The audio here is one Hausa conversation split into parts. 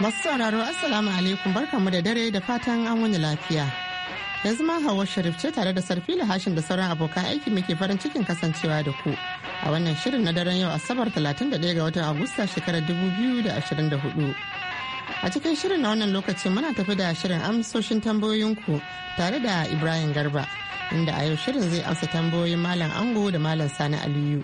Masu sauraro Assalamu alaikum barkanmu da dare da fatan an wani lafiya. Yanzu ma Hawwa Sharif ce tare da sarfi Hashin da sauran abokan aiki muke farin cikin kasancewa da ku a wannan shirin na daren yau Asabar 31 ga watan Agusta shekarar 2024. A cikin shirin na wannan lokaci muna tafi da shirin amsoshin tambayoyinku tare da Ibrahim Garba. inda a yau shirin zai amsa tambayoyin malam ango da malam sani aliyu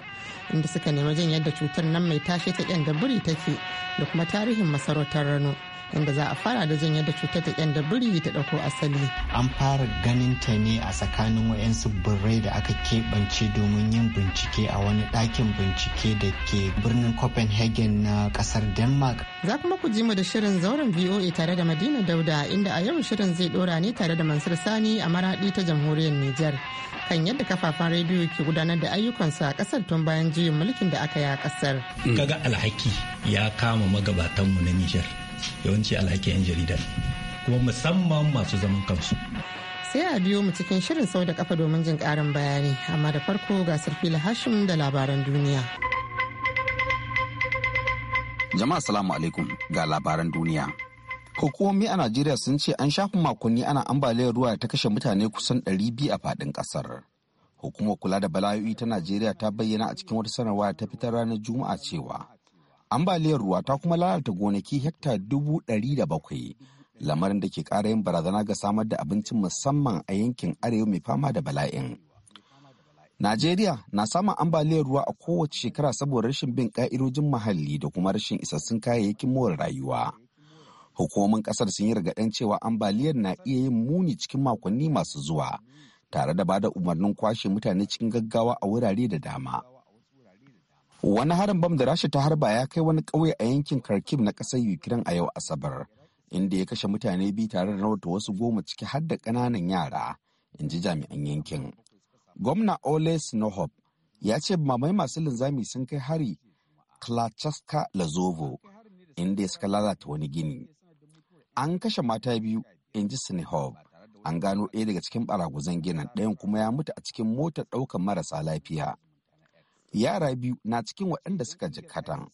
inda suka nemi jin yadda cutar nan mai tashe ta da buri take da kuma tarihin masarautar rano inda za a fara da jin yadda cutar ta kyan biri ta dauko asali an fara ganin ta ne a tsakanin wayansu birrai da aka keɓance domin yin bincike a wani ɗakin bincike da ke birnin copenhagen na ƙasar denmark za kuma ku ji mu da shirin zauren voa tare da madina dauda inda a yau shirin zai dora ne tare da mansur sani a maraɗi ta jamhuriyar Nijar. kan yadda kafafen rediyo ke gudanar da ayyukansu a ƙasar tun bayan juyin mulkin da aka yi a kasar. Kaga alhaki ya kama magabatanmu na Nijar. yawanci alhakin 'yan jaridar kuma musamman masu zaman kansu sai a biyo mu cikin shirin sau da kafa domin jin karin bayani amma da farko ga sarfi hashim da labaran duniya jama'a salamu alaikum ga labaran duniya hukumomi a najeriya sun ce an shafi makonni ana ambaliyar ruwa da ta kashe mutane kusan ɗari biyu a faɗin ƙasar hukumar kula da bala'o'i ta najeriya ta bayyana a cikin wata sanarwa ta fitar ranar juma'a cewa ambaliyar ruwa ta kuma lalata gonaki hekta dubu ɗari da bakwai lamarin da ke kara yin barazana ga samar da abincin musamman a yankin arewa mai fama da bala'in najeriya na samun ambaliyar ruwa a kowace shekara saboda rashin bin ƙa'idojin muhalli da kuma rashin isassun kayayyakin more rayuwa hukumomin ƙasar sun yi rigaɗin cewa ambaliyar na iya yin muni cikin makonni masu zuwa tare da bada umarnin kwashe mutane cikin gaggawa a wurare da dama wani harin bam da rasha ta harba ya kai wani ƙauye a yankin kharkiv na ƙasar ukraine a yau asabar inda ya kashe mutane biyu tare da rahoto wasu goma ciki har da ƙananan yara in ji jami'an yankin gwamna ole snohob ya ce mamai masu linzami sun kai hari klachaska lazovo inda ya suka lalata wani gini an kashe mata biyu in ji snohop an gano ɗaya daga cikin baraguzan ginin ɗayan kuma ya mutu a cikin motar ɗaukar marasa lafiya yara biyu na cikin waɗanda suka jikata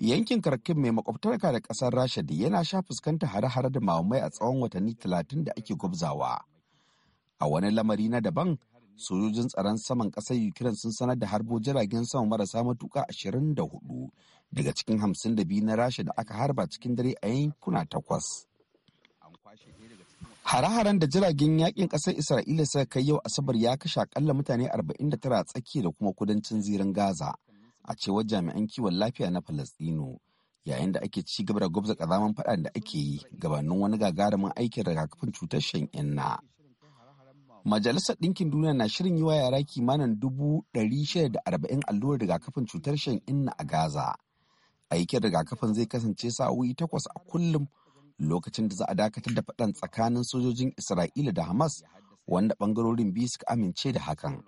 yankin Karkin mai makwabtarka da ƙasar rasha da yana sha fuskanta hare-hare da mamaye a tsawon watanni talatin da ake gwabzawa a wani lamari na daban sojojin tsaron saman ƙasar ukraine sun sanar da harbo jiragen sama marasa matuƙa 24 daga cikin 52 na rasha da aka harba cikin dare a yankuna takwas Hare-haren da jiragen yakin ƙasar Isra'ila suka kai yau Asabar ya kashe akalla mutane 49 a tsakiya da kuma kudancin zirin Gaza, a cewar jami'an kiwon lafiya na Falastino, yayin da ake ci gaba da gwabza ƙazaman faɗa da ake yi gabanin wani gagarumin aikin rigakafin cutar shan inna. Majalisar Ɗinkin Duniya na shirin yi wa yara kimanin dubu ɗari shida da arba'in allurar rigakafin cutar shan inna a Gaza. Aikin rigakafin zai kasance sa'o'i takwas a kullum lokacin da za a dakatar da faɗan tsakanin sojojin Isra'ila da Hamas wanda ɓangarorin biyu suka amince da hakan.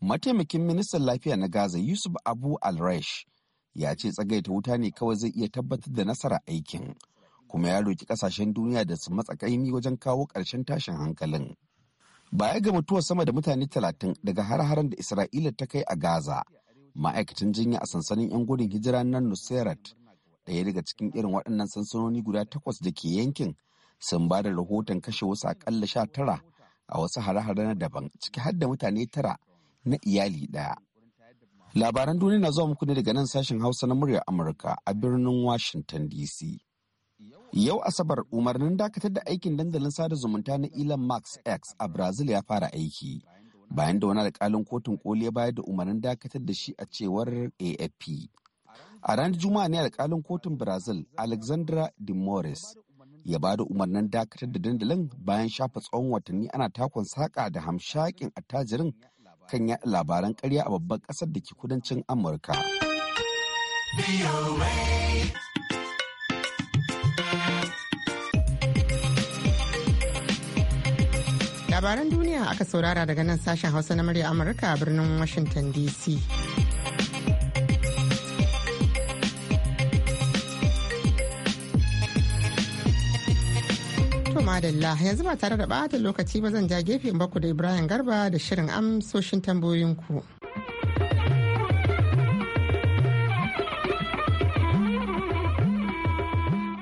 Mataimakin ministan lafiya na Gaza Yusuf Abu Al-Raish ya ce tsagaita wuta ne kawai zai iya tabbatar da nasara aikin kuma ya roki kasashen duniya da su matsa kaimi wajen kawo ƙarshen tashin hankalin. Baya ga mutuwar sama da mutane talatin daga har-haren da Isra'ila ta kai a Gaza, ma'aikatan jinya a sansanin 'yan gudun hijira na Nusairat ɗaya daga cikin irin waɗannan sansanoni guda takwas da ke yankin sun ba da rahoton kashe wasu akalla sha tara a wasu hare-hare na daban ciki har da mutane tara na iyali ɗaya. Labaran duniya na zuwa muku ne daga nan sashen Hausa na muryar Amurka a birnin Washington DC. Yau Asabar umarnin dakatar da aikin dandalin sada zumunta na Elon Musk X a Brazil ya fara aiki. Bayan da wani alkalin kotun koli ya bayar da umarnin dakatar da shi a cewar AFP. A ranar Juma'a ne alkalin kotun Brazil Alexandra de Morris ya ba da umarnin dakatar da dandalin bayan shafa tsawon watanni ana takon saƙa da hamshakin attajirin kan ya labaran karya a babban ƙasar da ke kudancin Amurka. Labaran duniya aka saurara daga nan sashen Hausa na murya Amurka a birnin Washington DC. madalla yanzu ba tare da bata lokaci ba zan ja gefe baku da Ibrahim Garba da shirin amsoshin tambayoyinku.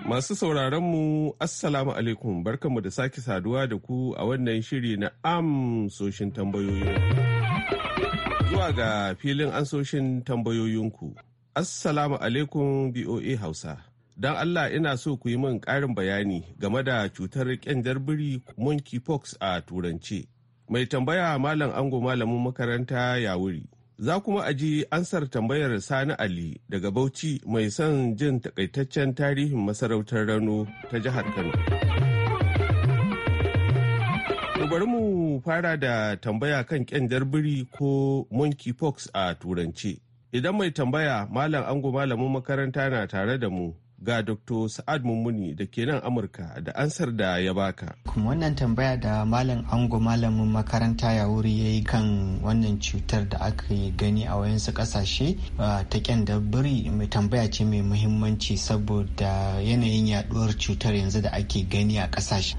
Masu sauraronmu, Assalamu alaikum, barkanmu da sake saduwa da ku a wannan shiri na amsoshin tambayoyin. Zuwa ga filin amsoshin tambayoyinku. Assalamu alaikum BOA Hausa. Don Allah ina so ku yi min ƙarin bayani game da cutar ƙyanjar biri monkeypox a turance. Mai tambaya Malam Ango Malamin makaranta ya wuri. Za kuma a ansar tambayar Sani Ali daga Bauchi mai son jin takaitaccen tarihin masarautar Rano ta jihar Kano. bari mu fara da tambaya kan ƙyanjar biri ko monkeypox a turance. Idan mai tambaya Malam Ango Malamin makaranta na tare da mu ga Dr. Sa'ad Mummuni da ke nan Amurka da ansar da ya baka. Kuma wannan tambaya da Malam Ango malamin makaranta ya wuri ya yi kan wannan cutar da aka yi gani a wayansu kasashe ta kyandar mai tambaya ce mai muhimmanci saboda yanayin yaduwar cutar yanzu da ake gani a kasashe.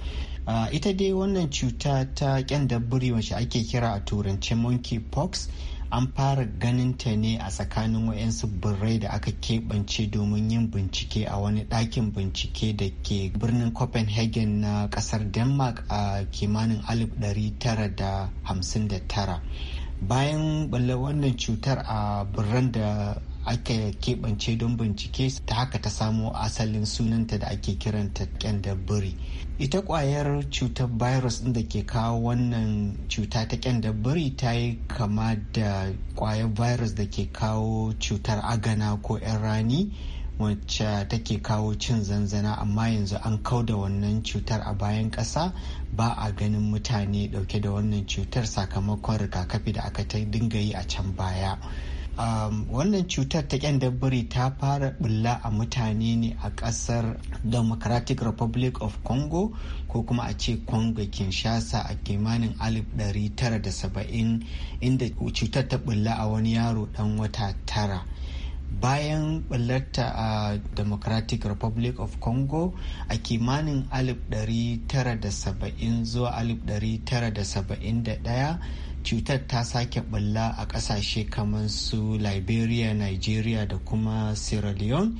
ita dai wannan cuta ta kyandar biri wacce ake kira a turance monkey pox an fara ganin ta ne a tsakanin wayansu birrai da aka keɓance domin yin bincike a wani ɗakin bincike da ke birnin copenhagen na ƙasar denmark a kimanin 1959 bayan balle wannan cutar a birran da aka keɓance don bincike ta haka ta samo asalin sunanta da ake kiranta biri ita kwayar cutar virus da ke kawo wannan cuta ta biri ta yi kama da kwayar virus da ke kawo cutar agana ko 'yan rani wacce take kawo cin zanzana amma yanzu an kauda wannan cutar a bayan ƙasa ba a ganin mutane dauke da wannan cutar sakamakon rigakafi da aka ta dinga yi a can baya Um, wannan cutar ta kyan dabbari ta fara bulla a mutane ne a kasar democratic republic of congo ko kuma a ce congo kinshasa a kimanin 1970 inda cutar ta bulla a wani yaro dan wata tara bayan bullarta a democratic republic of congo a kimanin 1970 zuwa 1971 cutar ta sake bulla a kasashe kamar su liberia nigeria da kuma sierra leone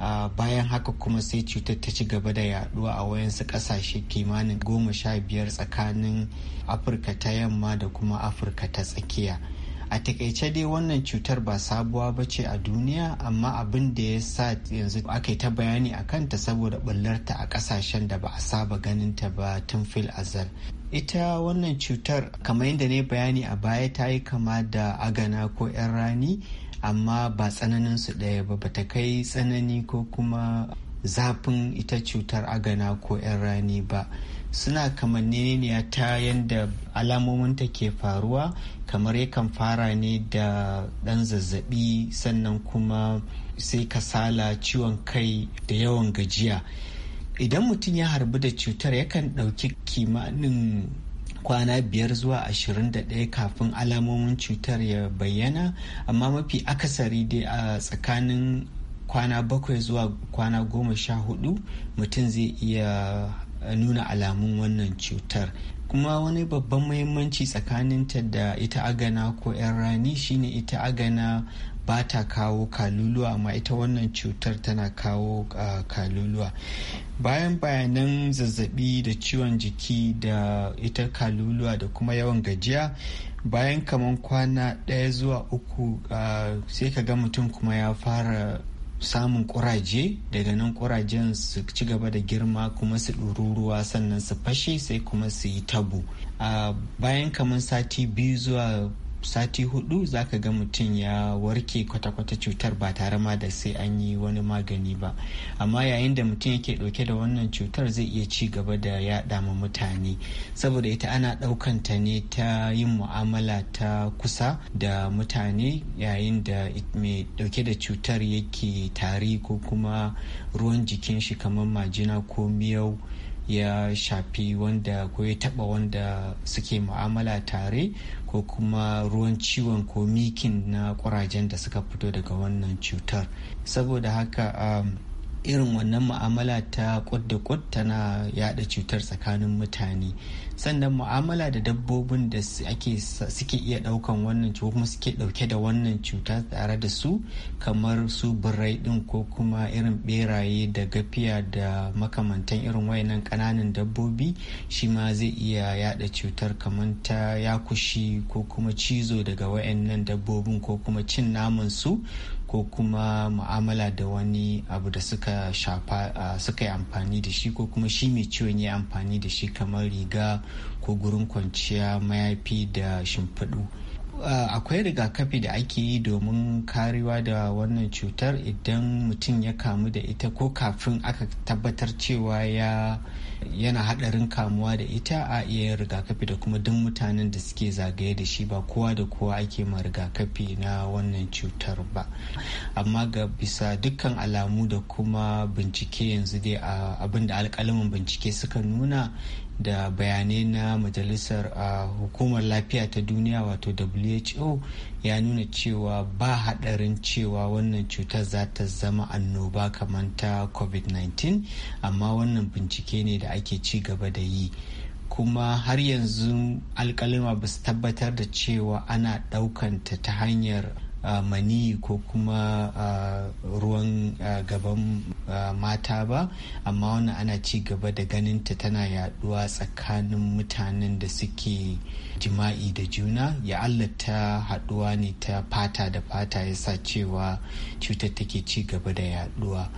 Uh, bayan haka kuma sai cutar ta ci gaba da yaduwa a wayansu kasashe kimanin goma sha biyar tsakanin afirka ta yamma da kuma afirka ta tsakiya a takaice dai wannan cutar ba sabuwa ba ce a duniya amma abin da ya sa yanzu aka yi ta bayani a kanta saboda bullarta a kasashen da ba a saba ganin ta ba tun fil azal ita wannan cutar kamar yadda ne bayani a baya ta yi kama da agana ko 'yan rani amma ba tsananin su ɗaya ba ta kai tsanani ko kuma zafin ita cutar agana ko 'yan rani ba suna kamanniniya ta yadda ta ke faruwa kamar yakan fara ne da ɗan zazzabi sannan kuma sai kasala ciwon kai da yawan gajiya idan mutum ya harbi da cutar yakan ɗauki kimanin kwana biyar zuwa ashirin da ɗaya kafin alamomin cutar ya bayyana amma mafi akasari dai a tsakanin kwana bakwai zuwa kwana goma sha hudu mutum zai iya eh, nuna alamun wannan cutar kuma wani babban muhimmanci tsakaninta da ita agana ko 'yan rani shine ita agana ba ta kawo kaluluwa amma ita wannan cutar tana kawo kaluluwa bayan bayanan zazzabi da ciwon jiki da ita kaluluwa da kuma yawan gajiya bayan kaman kwana ɗaya zuwa uku sai ka ga mutum kuma ya fara samun kuraje daga nan kurajen su ci gaba da girma kuma su ɗururuwa sannan su fashe sai kuma su yi tabo a bayan kamar sati biyu zuwa sati hudu za ka ga mutum ya warke kwata-kwata cutar ba tare ma da sai an yi wani magani ba amma yayin da mutum yake dauke da wannan cutar zai iya ci gaba da yaɗa ma mutane saboda ita ana ta ne ta yin mu'amala ta kusa da mutane yayin da mai dauke da cutar yake tari ko kuma ruwan jikin shi kamar majina ko miyau ya shafi wanda ko ya taba wanda suke mu'amala tare ko kuma ruwan ciwon ko mikin na kurajen da suka fito daga wannan cutar saboda haka um, irin wannan mu'amala ta kwadda kwad tana yada cutar tsakanin mutane sannan mu'amala da dabbobin da suke iya daukan wannan cuta kuma suke dauke da wannan cuta tare da su kamar su birai din ko kuma irin beraye da gafiya da makamantan irin wayannan kananan dabbobi shi ma zai iya yada cutar kamar ta yakushi ko kuma cizo daga wayannan dabbobin ko kuma cin naman su ko kuma mu'amala da wani abu da suka shafa suka yi amfani da shi ko kuma shi mai ciwon ya amfani da shi kamar riga ko gurin kwanciya mayafi da shimfiɗu akwai rigakafi da ake yi domin kariwa da wannan cutar idan mutum ya kamu da ita ko kafin aka tabbatar cewa ya yana hadarin kamuwa da ita a iya rigakafi da kuma duk mutanen da suke zagaye da shi ba kowa da kowa ake ma rigakafi na wannan cutar ba amma ga bisa dukkan alamu da kuma bincike yanzu dai abinda abinda alkalamin bincike suka nuna da bayanai na majalisar hukumar lafiya ta duniya wato who ya nuna cewa ba haɗarin cewa wannan cutar za ta zama annoba kamar ta covid-19 amma wannan bincike ne da ake ci gaba da yi kuma har yanzu alkalima ba su tabbatar da cewa ana ɗaukanta ta hanyar mani ko kuma ruwan gaban mata ba amma wani ana ci gaba da ganin ta tana yaduwa tsakanin mutanen da suke jima'i da juna ya allata haduwa ne ta fata da fata yasa cewa cutar take ci gaba da yaduwa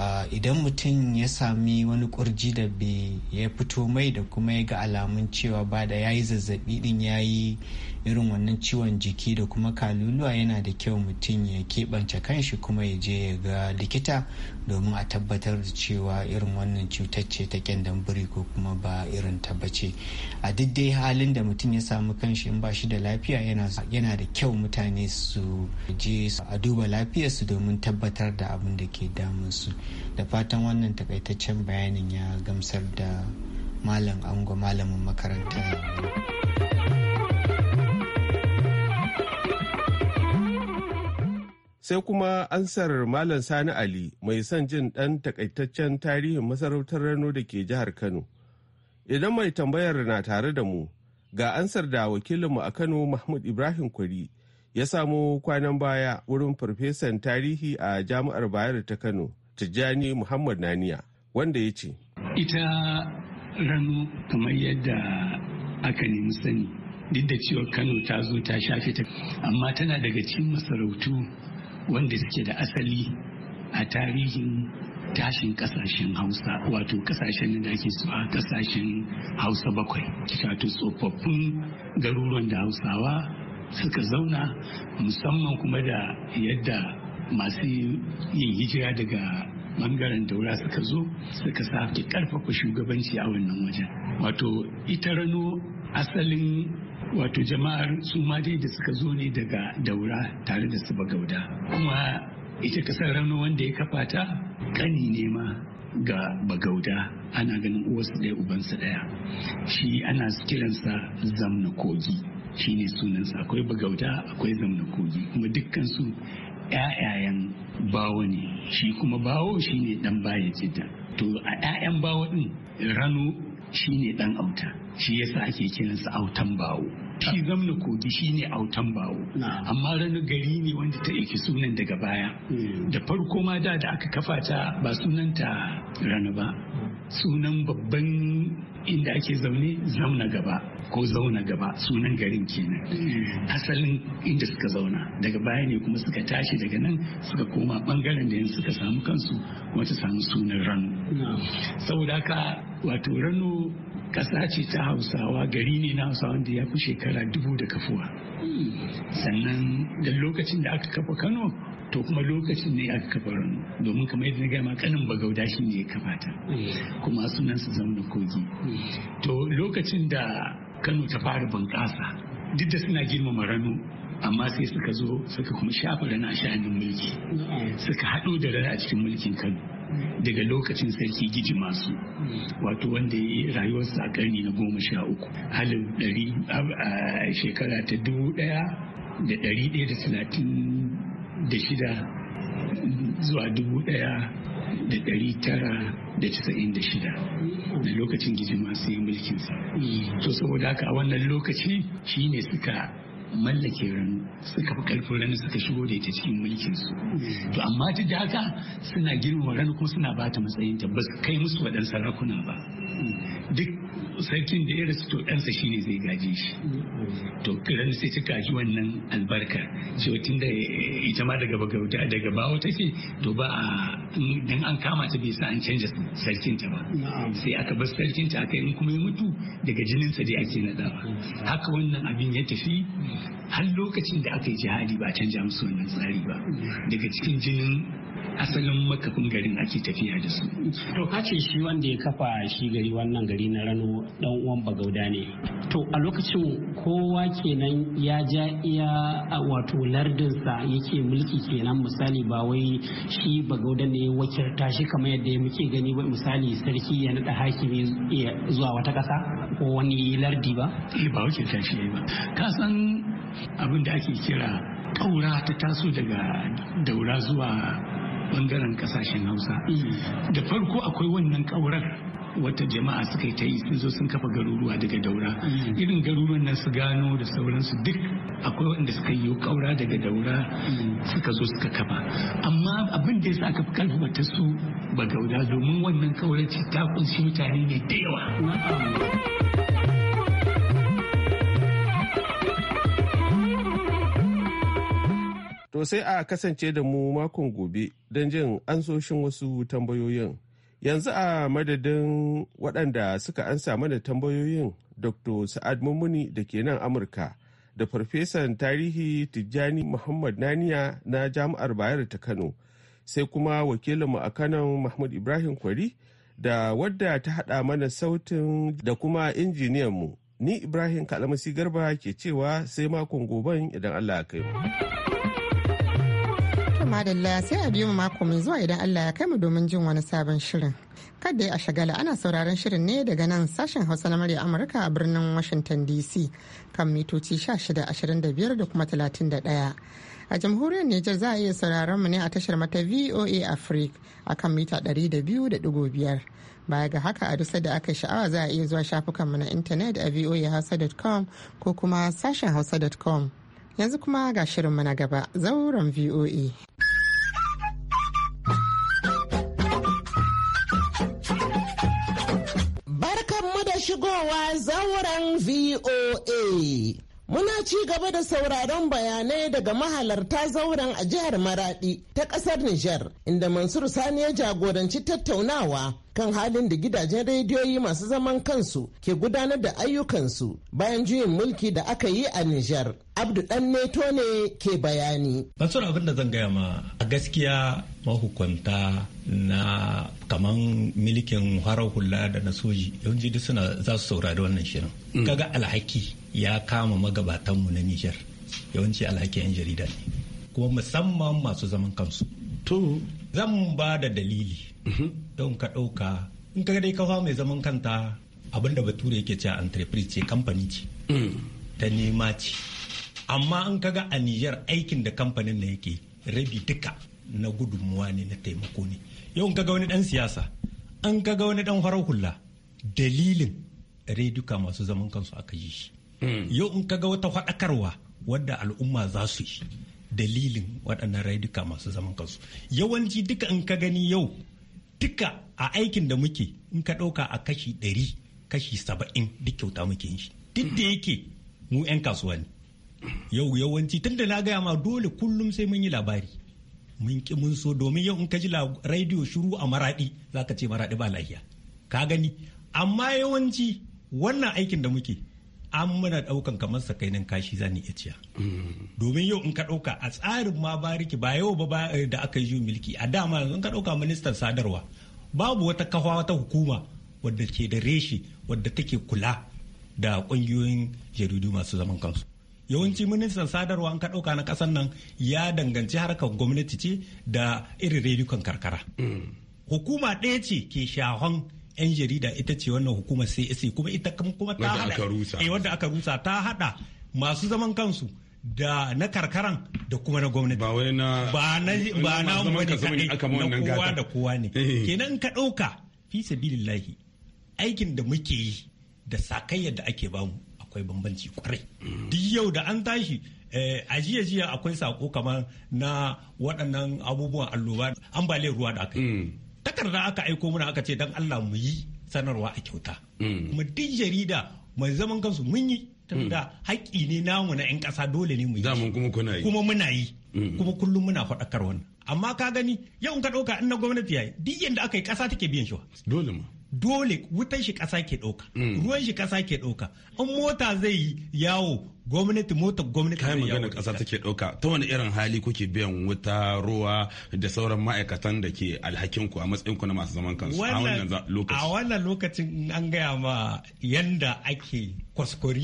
Ah, idan mutum ya sami wani kurji da bi ya fito mai da kuma ya ga alamun cewa ba da ya yi zazzabi din ya yi irin wannan ciwon jiki da kuma kaluluwa yana da kyau mutum ya keɓance kanshi kuma ya je ya ga likita domin a tabbatar da cewa irin wannan cutacce ta kyandan biri ko kuma ba irin tabbace a duk dai halin da mutum ya samu kanshi in ba shi da lafiya yana da kyau mutane su je a duba lafiyarsu domin tabbatar da abin da ke su. da fatan wannan takaitaccen bayanin ya gamsar da malam ango malamin makaranta sai kuma ansar malam sani ali mai son jin ɗan takaitaccen tarihin masarautar rano da ke jihar kano idan mai tambayar na tare da mu ga ansar da wakilinmu a kano mahmud ibrahim kwari ya samu kwanan baya wurin farfesan tarihi a jami'ar bayar ta kano Tijjani Muhammad Naniya wanda ya ce. Ita rano kamar yadda aka nemi sani duk da cewa Kano ta zo ta shafe ta amma tana daga cikin masarautu wanda suke da asali a tarihin tashin kasashen hausa wato kasashen da ake so a kasashen hausa bakwai wato tsofaffin garuruwan da hausawa suka zauna musamman kuma da yadda masu yin hijira daga bangaren daura suka zo suka sake karfafa shugabanci a wannan wajen wato ita rano asalin wato jama'ar su ma dai da suka zo ne daga daura tare da su bagauda kuma ita kasar rano wanda ya kafa ta kani ne ma ga bagauda ana ganin uwarsa ɗaya ubansa ɗaya shi ana kiransa zamna kogi shi ne sunansa akwai bagauda akwai zamna kogi kuma dukkan su 'ya'yayen bawo ne shi kuma bawo shi ne dan baya jidda to a 'ya'yan bawo ɗin rano ne ɗan auta shi yasa ake kiransa autan bawo shi zamna kogi shi ne autan bawo amma rano gari ne wanda ta iki sunan daga baya hmm. da farko ma da da aka kafa ta ba sunanta rano ba sunan babban inda ake zaune zauna gaba ko zauna gaba sunan garin kenan hmm. asalin inda suka zauna daga baya ne kuma suka tashi daga nan suka koma bangaren da yanzu suka samu kansu kuma ta samu sunan rano saboda haka wato rano ƙasa ce ta hausawa gari ne na hausawa wanda ya fi shekara dubu da kafuwa hmm. sannan da lokacin da aka kafa kano to kuma lokacin ne aka kafa rano domin kamar yadda na gama kanin bagauda shi ne ya kafa ta hmm. kuma sunan su zama kogi to lokacin da kano ta fara bunƙasa duk da suna girmama marano amma sai suka zo suka kuma shafa rana a shanun mulki suka haɗo da rana a cikin mulkin kano daga lokacin sarki giji masu wato wanda ya yi rayuwarsa a karni na goma sha uku halin ɗari a shekara ta dubu ɗaya da ɗari ɗaya da talatin da shida zuwa dubu ɗaya da ɗari tara da casa'in da shida da lokacin gijima su yi mulkinsa to saboda haka a wannan lokaci shi ne suka mallake ranu suka fi karfin suka shigo da ita cikin mulkin su to amma ta da haka suna girma ranu kuma suna bata matsayin ta ba su kai musu waɗan sarakunan ba duk sarkin da ya rasu to ɗansa shi ne zai gaji shi to kiran sai ta kaji wannan albarka cewa tun da ita ma daga bagauta daga bawa ta ce to ba dan an kama ta bai sa an canza sarkin ta ba sai aka bar sarkin ta aka yi kuma ya mutu daga jinin sa dai ake nadawa haka wannan abin ya tafi har lokacin da aka yi jihadi ba canja musu wannan tsari ba daga cikin jinin asalin makafin garin ake tafiya da su. To kace shi wanda ya kafa shi gari wannan gari na rano dan uwan bagauda ne. To a lokacin kowa kenan ya ja iya wato lardinsa yake mulki kenan misali ba wai shi bagauda ne wakilta shi kamar yadda muke gani ba misali sarki ya naɗa hakimi zuwa wata ƙasa ko wani lardi ba. Eh ba wakilta shi ba. Ka san abin da ake kira ƙaura ta taso daga daura zuwa bangaren kasashen hausa mm. da farko akwai wannan kaurar wata jama'a suka yi ta yi sun zo sun kafa garuruwa daga daura mm. irin garuruwan nan su gano da sauransu duk akwai wanda suka yi kaura daga daura mm. suka zo suka kafa amma abin da sa aka fi karfafa su ba gauda domin wannan ce ta kunshi mutane ne da yawa To sai a kasance da mu makon gobe don jin ansoshin wasu tambayoyin. Yanzu a madadin waɗanda suka ansa mana tambayoyin Dr. Sa'ad Mummuni da ke nan Amurka da Farfesan Tarihi Tijjani Muhammad Naniya na Jami'ar Bayero ta Kano, sai kuma wakilinmu a Kano Mahmud Ibrahim Kwari da wadda ta haɗa mana sautin da kuma injiniyanmu. Ni Ibrahim Kalamasi Garba ke cewa sai makon goben idan Allah ya kai mu. madalla sai a biyu mu mako mai zuwa idan Allah ya kai mu domin jin wani sabon shirin. Kada a shagala ana sauraron shirin ne daga nan sashen Hausa na murya Amurka a birnin Washington DC kan mitoci 1625 da kuma 31. A jamhuriyar Nijar za a iya sauraron mu ne a tashar mata VOA Africa a kan mita 200.5. Baya ga haka a dusa da aka sha'awa za a iya zuwa shafukanmu na intanet a voahausa.com ko kuma sashen hausa.com. yanzu kuma ga shirinmu na gaba zauren voa VOA. Muna ci gaba da sauraron bayanai daga mahalarta zauren a jihar Maradi ta kasar Nijar, inda Mansur Sani ya jagoranci tattaunawa kan halin da gidajen rediyoyi masu zaman kansu ke gudanar da ayyukansu bayan juyin mulki da aka yi a Nijar. Abdu Dan Neto ne ke bayani. Mansur abin da zan gaya ma a gaskiya mahukunta na kaman milikin harar hula da na soji yawanci duk suna za su saurari wannan shirin. Mm. Kaga alhaki ya kama magabatanmu na Nijar yawanci alhaki 'yan jarida ne kuma musamman masu zaman kansu. To zan ba da dalili mhm. don ka ɗauka in ka dai kafa mai zaman kanta abinda bature yake cewa entreprise ce kamfani ce mm. ta nema ce amma an kaga a Nijar aikin da kamfanin na yake rabi duka na gudunmuwa ne na taimako ne yau kaga wani dan siyasa an kaga wani dan farar hula dalilin duka masu zaman kansu aka yi shi yau in ga wata faɗakarwa wadda al'umma za su yi dalilin waɗannan raiduka masu zaman kansu yawanci duka in ka gani yau duka a aikin da muke in ka ɗauka a kashi ɗari kashi saba'in duk kyauta muke yin shi duk da yake mu 'yan kasuwa ne yau yawanci tun da na gaya ma dole kullum sai mun yi labari mun ki mun so domin yau in ka ji rediyo shiru a maraɗi za ka ce maraɗi ba lafiya. ka gani amma yawanci wannan aikin da muke an muna daukan kamar sakainin kashi za ni iya domin yau in ka dauka a tsarin ma bariki ba yau ba eh, da aka yi mulki a dama in ka dauka ministan sadarwa babu wata kafa wata hukuma wadda ke da reshe wadda take kula da kungiyoyin jaridu masu zaman kansu yawanci ministan sadarwa an ka dauka na kasan nan ya danganci harkar gwamnati ce da irin rediyon karkara mm. hukuma ɗaya ce ke shahon 'yan jarida ita ce wannan hukumar CAC kuma ita kuma ta hada eh wanda aka rusa ta hada masu zaman kansu da na karkaran da kuma na gwamnati ba wai na ba na ba na wani na kowa da kowa ne eh. kenan ka dauka fi sabilillahi aikin da muke yi da sakayyar da ake bamu akwai bambanci kwarai duk yau da an tashi eh, a jiya jiya akwai sako kamar na waɗannan abubuwan alloba ambaliyar ruwa da aka yi mm. takarda aka aiko muna aka ce dan Allah mu yi sanarwa a kyauta mm. kuma duk jarida mai zaman kansu mun yi tunda mm. haƙƙi ne namu na 'yan ƙasa dole ne mu yi kuma kuna yi kuma muna yi mm. kuma kullum muna faɗakar wannan amma ka gani yau ka ɗauka in na gwamnati yayi duk yadda aka yi ƙasa take biyan shi dole ma dole wutan shi ƙasa ke ɗauka mm. ruwan shi ƙasa ke ɗauka in mota zai yi yawo gwamnati mota gwamnati kai magana ƙasa take ɗauka ta wani irin hali kuke biyan wuta ruwa da sauran ma'aikatan da ke alhakin ku a matsayin ku na masu zaman kansu a wannan lokaci a wannan lokacin an gaya ma yanda ake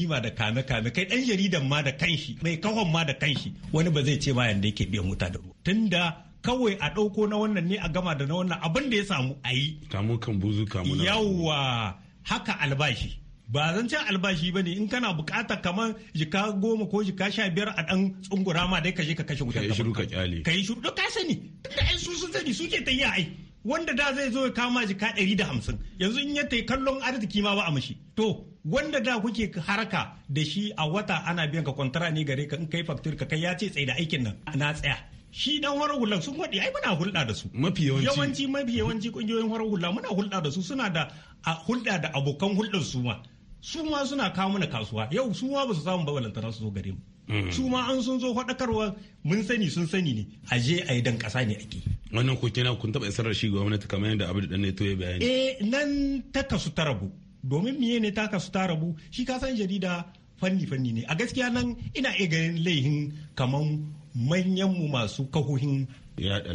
ma da kame-kame kai dan jaridan ma da kanshi mai kahon ma da kanshi wani ba zai ce ma yanda yake biyan wuta da ruwa tunda kawai a ɗauko na wannan ne a gama da na wannan abin da ya samu a yi kan buzu kamuna. Yawwa, haka albashi ba zancen albashi ba ne in kana bukatar kamar jika goma ko jika sha biyar a ɗan tsungura ma dai je ka kashe wutar ka shiru ka kyale ka yi shiru ka sani Da ai su sani suke ta yi wanda da zai zo ya kama jika ɗari da hamsin yanzu in ya tai kallon arziki ma ba a mashi to wanda da kuke haraka da shi a wata ana biyan ka kwantara ne gare ka in kai faktir ka kai ya ce tsaye da aikin nan na tsaya shi dan horar hula sun faɗi ai muna hulɗa da su mafi yawanci yawanci mafi yawanci kungiyoyin horar hula muna hulɗa da su suna da hulɗa da abokan hulɗar su ma su ma suna kawo mana kasuwa yau su ma ba su samu babalantana su zo gare mu mm. su ma an sun zo faɗakarwa mun sani sun sani ne a je a yi dan ƙasa ne ake wannan ko kenan kun taɓa isar da shi gwamnati kamar yadda abu da ne to ya bayani eh nan ta kasu ta rabu domin miye ne ta kasu ta rabu shi ka san jarida fanni fanni ne a gaskiya nan ina iya ganin laihin kaman manyanmu masu kahohin yada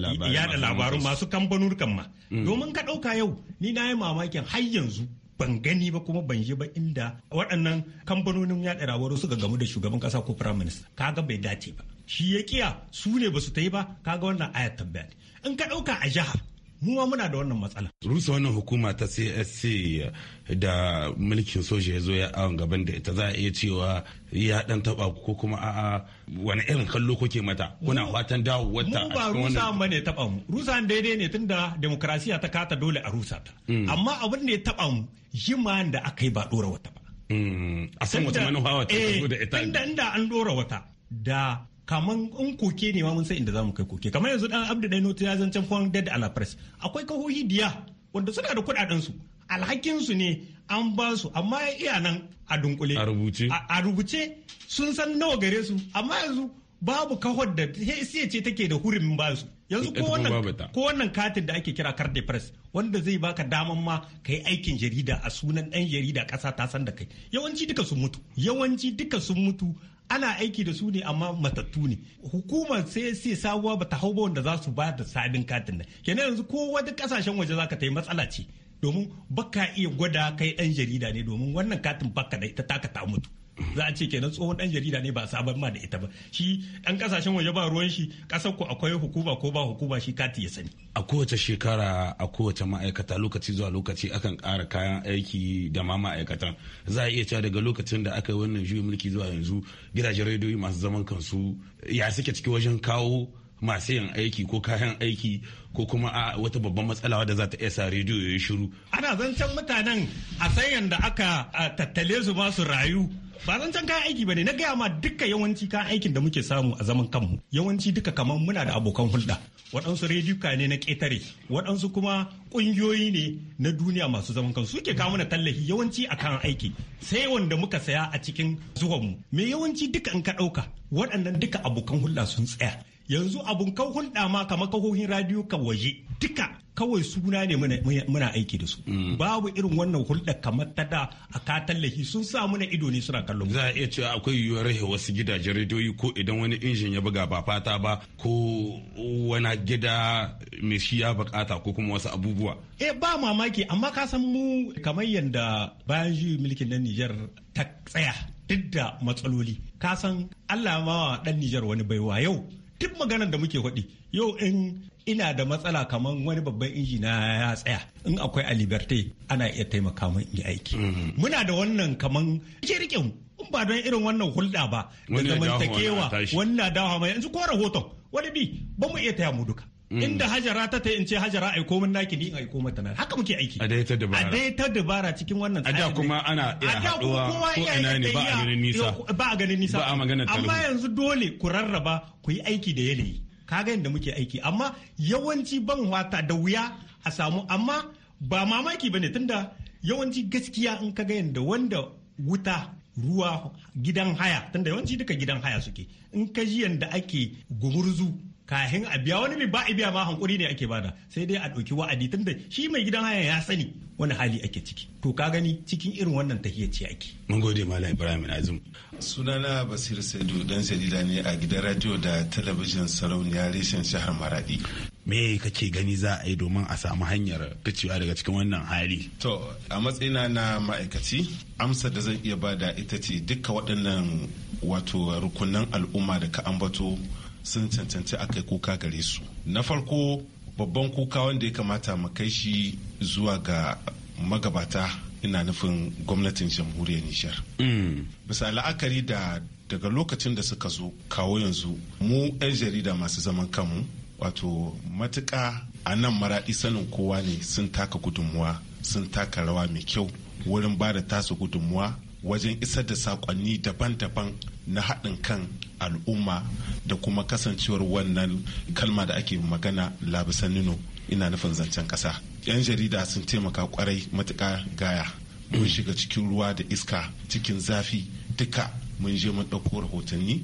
labaru masu kambanurkan ma mm. domin ka ɗauka yau ni na yi mamakin har yanzu ban gani ba kuma ban je ba inda waɗannan kamfanonin yada labaru suka gamu da shugaban ƙasa ko firayim minista kaga bai dace ba shi ya kiya su ne ba su ta yi ba kaga wannan ayat tabbat in ka ɗauka a jiha mu ma muna da wannan matsala. rusa wannan hukuma ta csc da mulkin soja ya zo ya awon gaban da ita za a iya cewa ya dan taba ko kuma a'a wani irin kallo kuke mata kuna fatan dawo wata mu ba rusa ba ne taba mu rusa daidai ne tunda demokrasiya ta kata dole a rusa ta hmm. amma abin da ya taba mu jima da aka yi ba dora wata ba hmm. a san wata manufa wata eh, da ita tunda inda an dora wata da kaman in koke ne ma mun san inda zamu kai koke kamar yanzu dan abdu dai noto ya zancen kwan dead ala press akwai kahohi diya wanda suna da kudaden su alhakin su ne an ba su amma iya nan a dunkule a rubuce a rubuce sun san nawa gare su amma yanzu babu kahon da sai ce take da hurumin ba su yanzu ko wannan ko wannan katin da ake kira carte press wanda zai baka daman ma kayi aikin jarida a sunan dan jarida kasa ta san da kai yawanci duka sun mutu yawanci duka sun mutu ana aiki da su ne amma matattu ne hukumar sai sai sabuwa bata hau ba wanda za su ba da sabin katin nan kenan yanzu ko wani kasashen waje zaka ta yi matsala ce domin baka iya gwada kai dan jarida ne domin wannan katin baka da ita taka ta mutu za a ce kenan tsohon dan jarida ne ba sabon ma da ita ba shi dan kasashen waje ba ruwan shi kasar ku akwai hukuma ko ba hukuma shi kati ya sani a kowace shekara a kowace ma'aikata lokaci zuwa lokaci akan ƙara kayan aiki da ma ma'aikatan za a iya cewa daga lokacin da aka yi wannan juyin mulki zuwa yanzu gidajen rediyoyi masu zaman kansu ya suke ciki wajen kawo masu yin aiki ko kayan aiki ko kuma a wata babban matsala da za ta iya sa rediyo ya yi shiru ana zancen mutanen a sayan da aka tattale su ba su rayu ba zan can kayan aiki ba ne na gaya ma duka yawanci kayan aikin da muke samu a zaman kanmu yawanci duka kamar muna da abokan hulɗa waɗansu rediyoka ne na ƙetare waɗansu kuma ƙungiyoyi ne na duniya masu zaman kansu suke kawo mana tallafi yawanci a kayan aiki sai wanda muka saya a cikin zuwanmu me yawanci duka in ka ɗauka waɗannan duka abokan hulɗa sun tsaya yanzu abun kan hulɗa ma kamar kahohin radiyo kan waje duka kawai suna ne muna aiki da su mm. babu irin wannan hulɗa kamar ta da a ka tallafi sun sa muna ido ne suna kallon za a iya cewa akwai yiwuwar rahe wasu gidajen rediyoyi ko idan wani injin ya buga ba fata ba ko wani gida mai shi ya bukata ko kuma wasu abubuwa eh ba mamaki amma ka san mu kamar yadda bayan ji mulkin na Nijar ta tsaya duk da matsaloli ka san Allah ma dan Nijar wani baiwa yau duk maganar da muke faɗi yau in ina da matsala kamar wani babban inji na ya tsaya in akwai a liberté ana iya taimaka mun in yi aiki mhm. muna da wannan kamar ke rike mu ba don irin wannan hulɗa ba da zamantakewa wannan dawa mai yanzu ko rahoton wani bi ba mu iya taya mu duka mm. inda hajara ta ta in ce hajara aiko min naki ni in aiko mata na haka muke aiki a dai ta dabara a dai ta dabara cikin wannan tsari a da kuma ana iya haduwa ko ina ne ba a ganin nisa ba a ganin nisa amma yanzu dole ku rarraba ku yi aiki da yanayi kaga yadda muke aiki amma yawanci ban wata da wuya a samu amma ba mamaki ba ne tunda yawanci gaskiya in kaga yadda wanda wuta ruwa gidan haya tunda yawanci duka gidan haya suke in ka ji yadda ake gumurzu kahin a biya wani ba a biya ma hankuri ne ake bada sai dai a ɗauki wa'adi tun da shi mai gidan haya ya sani wani hali ake ciki to ka gani cikin irin wannan tahiya ce ake mun gode malam ibrahim azum sunana basir saidu dan jarida ne a gidan radio da talabijin sarauniya reshen shahar maradi me kake gani za a yi domin a samu hanyar ficewa daga cikin wannan hali to a matsayina na ma'aikaci amsa da zan iya bada ita ce duka waɗannan wato rukunan al'umma da ka ambato sun cancanci a kai kuka gare su na farko babban kuka wanda ya kamata mu kai shi zuwa ga magabata ina nufin gwamnatin jamhuriyar nijar mm. bisa la'akari da daga lokacin da suka zo kawo yanzu mu 'yan jarida masu zaman kanmu wato matuka a nan maraɗi sanin kowa ne sun taka gudunmuwa sun taka rawa mai kyau wurin ba da tasu gudunmuwa wajen isar da saƙonni daban-daban na haɗin kan al'umma da kuma kasancewar wannan kalma da ake magana labisan nino ina nufin zancen ƙasa. 'Yan jarida sun taimaka kwarai matuƙa gaya. Mun shiga cikin ruwa da iska cikin zafi duka mun je mun ɗauko rahotanni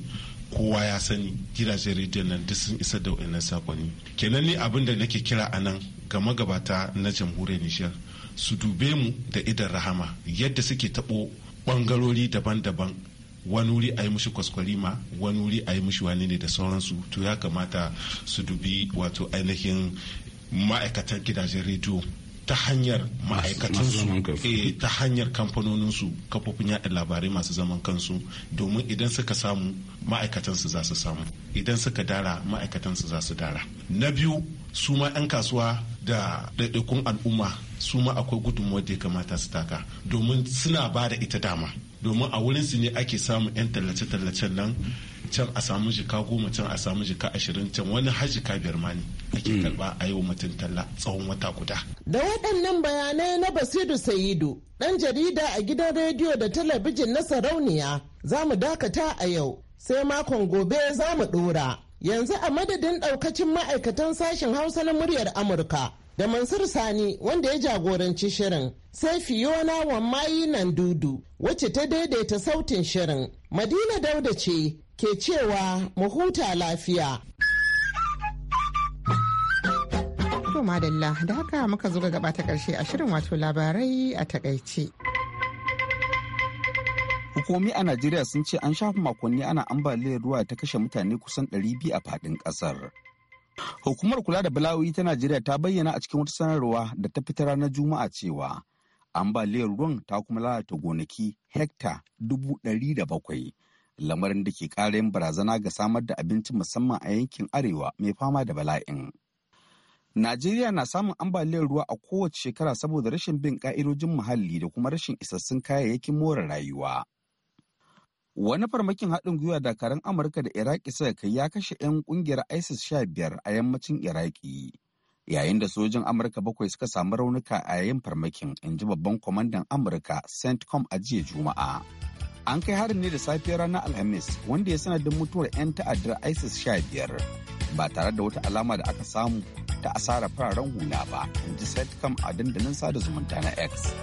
kowa ya sani gidajen rediyon nan duk sun isa da wayannan sakonni kenan ne abin da nake kira a nan ga magabata na jamhuriyar nishiyar su dube mu da idan rahama yadda suke taɓo ɓangarori daban-daban wani wuri a yi mushi kwaskwarima wani wuri a yi mushi wani ne da sauransu to ya kamata su dubi wato ainihin ma'aikatan gidajen rediyo ta hanyar ma'aikatansu eh, ta hanyar kamfanoninsu kafofin yaɗa labarai masu zaman kansu domin idan suka samu ma'aikatansu za su samu idan suka dara ma'aikatansu za su dara na biyu su ma 'yan kasuwa da ɗaiɗaikun al'umma su ma akwai gudunmuwar da ya kamata su taka domin suna ba da ita dama domin a wurin su ne ake samun 'yan tallace-tallacen nan can a samu jika goma can a samu jika ashirin can wani har biyar ma ne ake mm. karba a yau mutum talla tsawon wata guda. da waɗannan bayanai na basiru sayidu ɗan jarida a gidan rediyo da talabijin na sarauniya za mu dakata a yau sai makon gobe za mu ɗora. yanzu a madadin daukacin ma'aikatan sashen hausa na muryar amurka da mansur sani wanda ya jagoranci shirin sai fiona mayi nan dudu wacce ta daidaita sautin shirin madina dauda ce ke cewa mu huta lafiya to madalla da haka muka zo ga gaba ta karshe a shirin wato labarai a takaice. Hukumomi a Najeriya sun ce an shafa makonni ana ambaliyar ruwa ta kashe mutane kusan 200 a faɗin ƙasar. Hukumar kula da bala'o'i ta Najeriya ta bayyana a cikin wata sanarwa da ta fitar ranar Juma'a cewa ambaliyar ruwan ta kuma lalata gonaki hekta dubu ɗari da bakwai lamarin da ke ƙara yin barazana ga samar da abinci musamman a yankin arewa mai fama da bala'in. Najeriya na samun ambaliyar ruwa a kowace shekara saboda rashin bin ƙa'idojin muhalli da kuma rashin isassun kayayyakin more rayuwa. wani farmakin haɗin gwiwa dakarun amurka da iraki suka kai ya kashe 'yan ƙungiyar isis sha biyar a yammacin iraki yayin da sojin amurka bakwai suka samu raunuka a yayin farmakin in ji babban kwamandan amurka centcom a jiya juma'a an kai harin ne da safiyar ranar alhamis wanda ya sanadin mutuwar 'yan ta'addar isis sha biyar ba tare da wata alama da aka samu ta asarar fararen hula ba in ji centcom a dandalin sada zumunta na x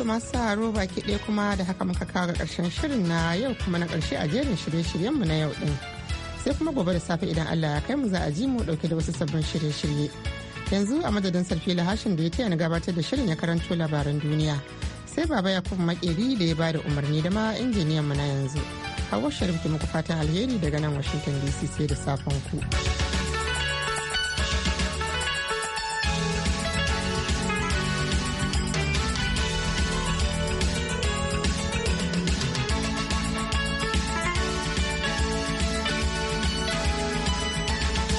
To masu haro baki ɗaya kuma da haka muka kawo ga ƙarshen shirin na yau kuma na ƙarshe a jerin shirye-shiryenmu na yau ɗin. Sai kuma gobe da safe idan Allah ya kai mu za a ji mu ɗauke da wasu sabbin shirye-shirye. Yanzu a madadin sarfi lahashin da ya taya na gabatar da shirin ya karanto labaran duniya. Sai baba ya kuma makeri da ya bada umarni da ma injiniyan mu na yanzu. Hawa Sharif ki muku fatan alheri daga nan Washington DC sai da safen ku.